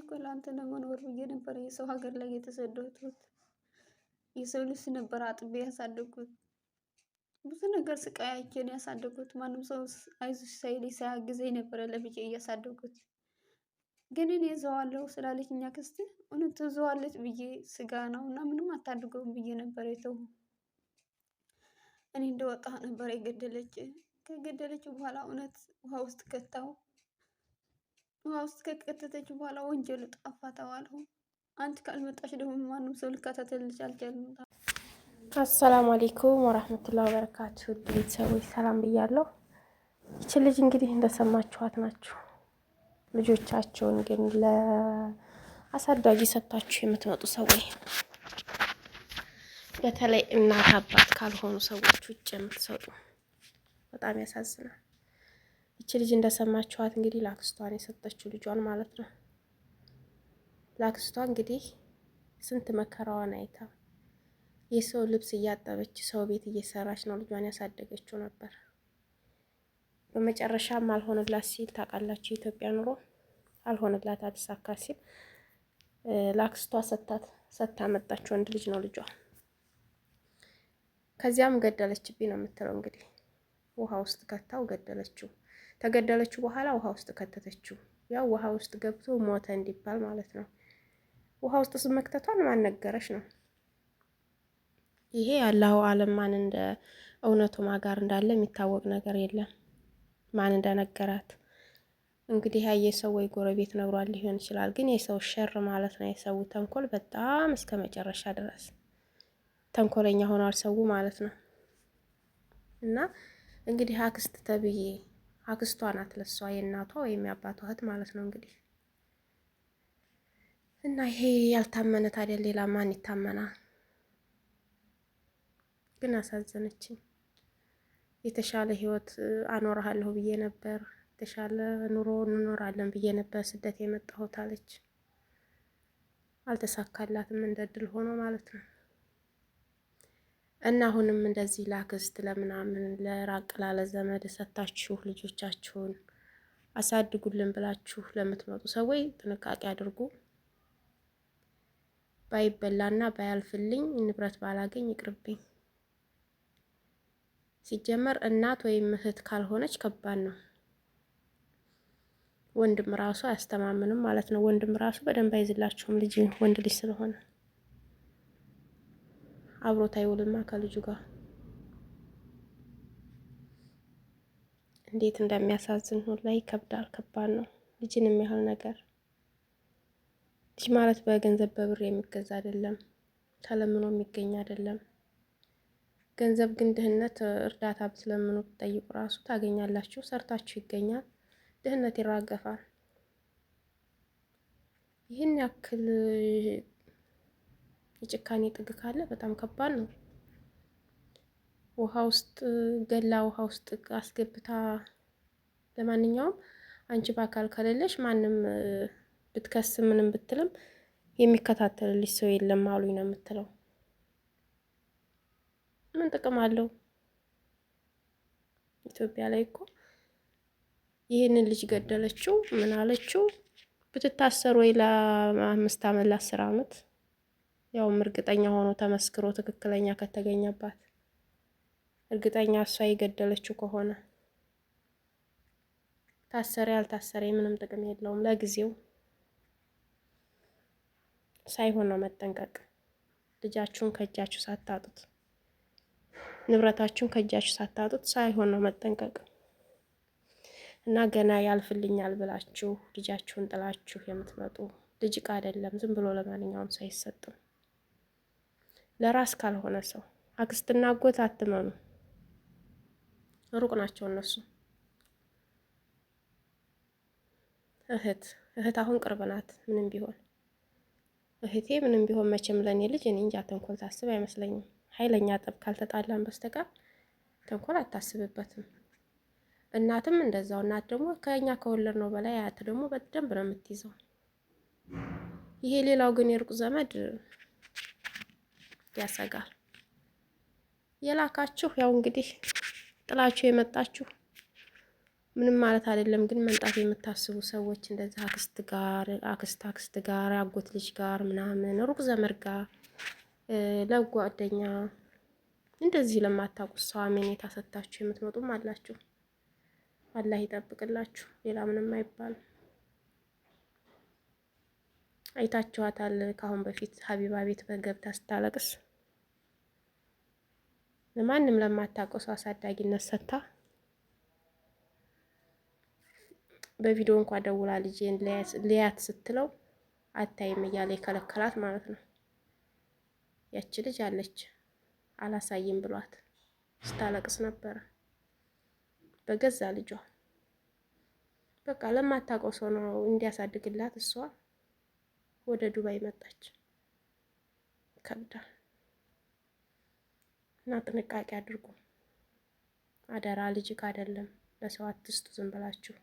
እኮ ለአንተ ለመኖር ብዬ ነበረ የሰው ሀገር ላይ የተሰደድኩት። የሰው ልጅ ነበር አጥቤ ያሳደግኩት። ብዙ ነገር ስቃይ አይቼን ያሳደግኩት። ማንም ሰው አይዞሽ ሳይለኝ ሳያግዘኝ ነበረ ለብቻ እያሳደግኩት። ግን እኔ እዘዋለሁ ስላለች እኛ ክስት እውነት እዘዋለች ብዬ ስጋ ነው እና ምንም አታድገው ብዬ ነበር የተው። እኔ እንደወጣ ነበር የገደለች። ከገደለች በኋላ እውነት ውሃ ውስጥ ከታው ውሃ ውስጥ ከቀጠተች በኋላ ወንጀሉ ጠፋ ተባልሁ። አንቺ ካልመጣሽ ደግሞ ማንም ሰው ልከታተልልሽ አልቻልም። አሰላሙ አሌይኩም ወራህመቱላ ወበረካቱ። ውድ ቤተሰቦች ሰላም ብያለሁ። ይች ልጅ እንግዲህ እንደሰማችኋት ናችሁ። ልጆቻቸውን ግን ለአሳዳጊ ሰጥታችሁ የምትመጡ ሰዎች በተለይ እናት አባት ካልሆኑ ሰዎች ውጭ የምትሰጡ በጣም ያሳዝናል። ይች ልጅ እንደሰማችኋት እንግዲህ ለአክስቷን የሰጠችው ልጇን ማለት ነው። ለአክስቷ እንግዲህ ስንት መከራዋን አይታ የሰው ልብስ እያጠበች ሰው ቤት እየሰራች ነው ልጇን ያሳደገችው ነበር። በመጨረሻም አልሆነላት ሲል ታውቃላችሁ፣ የኢትዮጵያ ኑሮ አልሆነላት አልሳካ ሲል ለአክስቷ ሰታት ሰታ መጣች። ወንድ ልጅ ነው ልጇ። ከዚያም ገደለችብኝ ነው የምትለው እንግዲህ ውሃ ውስጥ ከታው ገደለችው። ተገደለችው በኋላ ውሃ ውስጥ ከተተችው። ያው ውሃ ውስጥ ገብቶ ሞተ እንዲባል ማለት ነው። ውሃ ውስጥ ስመክተቷን ማን ነገረች ነው። ይሄ አላሁ አለም ማን እንደ እውነቱ ማጋር እንዳለ የሚታወቅ ነገር የለም። ማን እንደነገራት እንግዲህ ያየ ሰው ወይ ጎረቤት ነግሯል ሊሆን ይችላል። ግን የሰው ሸር ማለት ነው የሰው ተንኮል በጣም እስከ መጨረሻ ድረስ ተንኮለኛ ሆኗል ሰው ማለት ነው። እና እንግዲህ አክስት ተብዬ አክስቷ ናት ለሷ የእናቷ ወይም የአባቷ እህት ማለት ነው እንግዲህ እና ይሄ ያልታመነ ታዲያ ሌላ ማን ይታመናል? ግን አሳዘነችኝ። የተሻለ ህይወት አኖርሃለሁ ብዬ ነበር፣ የተሻለ ኑሮ እንኖራለን ብዬ ነበር ስደት የመጣሁት አለች። አልተሳካላትም እንደ እድል ሆኖ ማለት ነው። እና አሁንም እንደዚህ ላክስት ለምናምን ለራቅ ላለ ዘመድ ሰታችሁ ልጆቻችሁን አሳድጉልን ብላችሁ ለምትመጡ ሰዎች ጥንቃቄ አድርጉ። ባይበላና ባያልፍልኝ ንብረት ባላገኝ ይቅርብኝ። ሲጀመር እናት ወይም እህት ካልሆነች ከባድ ነው። ወንድም ራሱ አያስተማምንም ማለት ነው። ወንድም ራሱ በደንብ አይዝላችሁም ልጅ ወንድ ልጅ ስለሆነ አብሮት አይውልማ ከልጁ ጋር እንዴት እንደሚያሳዝን ሁሉ ላይ ይከብዳል። ከባድ ነው። ልጅን የሚያህል ነገር ልጅ ማለት በገንዘብ በብር የሚገዛ አይደለም፣ ተለምኖ የሚገኝ አይደለም። ገንዘብ ግን ድህነት እርዳታ ብትለምኑ ብትጠይቁ ራሱ ታገኛላችሁ። ሰርታችሁ ይገኛል። ድህነት ይራገፋል። ይህን ያክል የጭካኔ ጥግ ካለ በጣም ከባድ ነው። ውሃ ውስጥ ገላ ውሃ ውስጥ አስገብታ ለማንኛውም አንቺ በአካል ከሌለሽ ማንም ብትከስ ምንም ብትልም የሚከታተልልሽ ሰው የለም አሉኝ ነው የምትለው። ምን ጥቅም አለው? ኢትዮጵያ ላይ እኮ ይህንን ልጅ ገደለችው ምን አለችው ብትታሰር ወይ ለአምስት አመት ለአስር አመት? ያውም እርግጠኛ ሆኖ ተመስክሮ ትክክለኛ ከተገኘባት እርግጠኛ እሷ የገደለችው ከሆነ ታሰረ ያልታሰረ ምንም ጥቅም የለውም። ለጊዜው ሳይሆን ነው መጠንቀቅ። ልጃችሁን ከእጃችሁ ሳታጡት፣ ንብረታችሁን ከእጃችሁ ሳታጡት ሳይሆን ነው መጠንቀቅ እና ገና ያልፍልኛል ብላችሁ ልጃችሁን ጥላችሁ የምትመጡ ልጅ ዕቃ አይደለም፣ ዝም ብሎ ለማንኛውም ሰው አይሰጥም። ለራስ ካልሆነ ሰው አክስትና አጎት አትመኑ፣ ሩቅ ናቸው እነሱ። እህት እህት አሁን ቅርብ ናት። ምንም ቢሆን እህቴ ምንም ቢሆን መቼም ለእኔ ልጅ እኔ እንጃ ተንኮል ታስብ አይመስለኝም። ኃይለኛ ጠብ ካልተጣላን በስተቀር ተንኮል አታስብበትም። እናትም እንደዛው። እናት ደግሞ ከኛ ከወለድ ነው በላይ አያት ደግሞ በደንብ ነው የምትይዘው። ይሄ ሌላው ግን የሩቅ ዘመድ ያሰጋል። የላካችሁ ያው እንግዲህ ጥላችሁ የመጣችሁ ምንም ማለት አይደለም፣ ግን መምጣት የምታስቡ ሰዎች እንደዚህ አክስት ጋር አክስት አክስት ጋር አጎት ልጅ ጋር ምናምን ሩቅ ዘመድ ጋር ለጓደኛ እንደዚህ ለማታውቁት ሰው አሜኔታ ሰጥታችሁ የምትመጡም አላችሁ። አላህ ይጠብቅላችሁ። ሌላ ምንም አይባልም። አይታችኋታል። ከአሁን በፊት ሀቢባ ቤት በገብታ ስታለቅስ ማንም ለማታውቀው ሰው አሳዳጊነት ሰጥታ በቪዲዮ እንኳ ደውላ ልጄን ሊያት ስትለው አታይም እያለ የከለከላት ማለት ነው። ያቺ ልጅ አለች አላሳይም ብሏት ስታለቅስ ነበረ በገዛ ልጇ። በቃ ለማታውቀው ሰው ነው እንዲያሳድግላት እሷ ወደ ዱባይ መጣች። ከብዳል። እና ጥንቃቄ አድርጉ አደራ። ልጅክ አይደለም ለሰው አትስጡ ዝም ብላችሁ።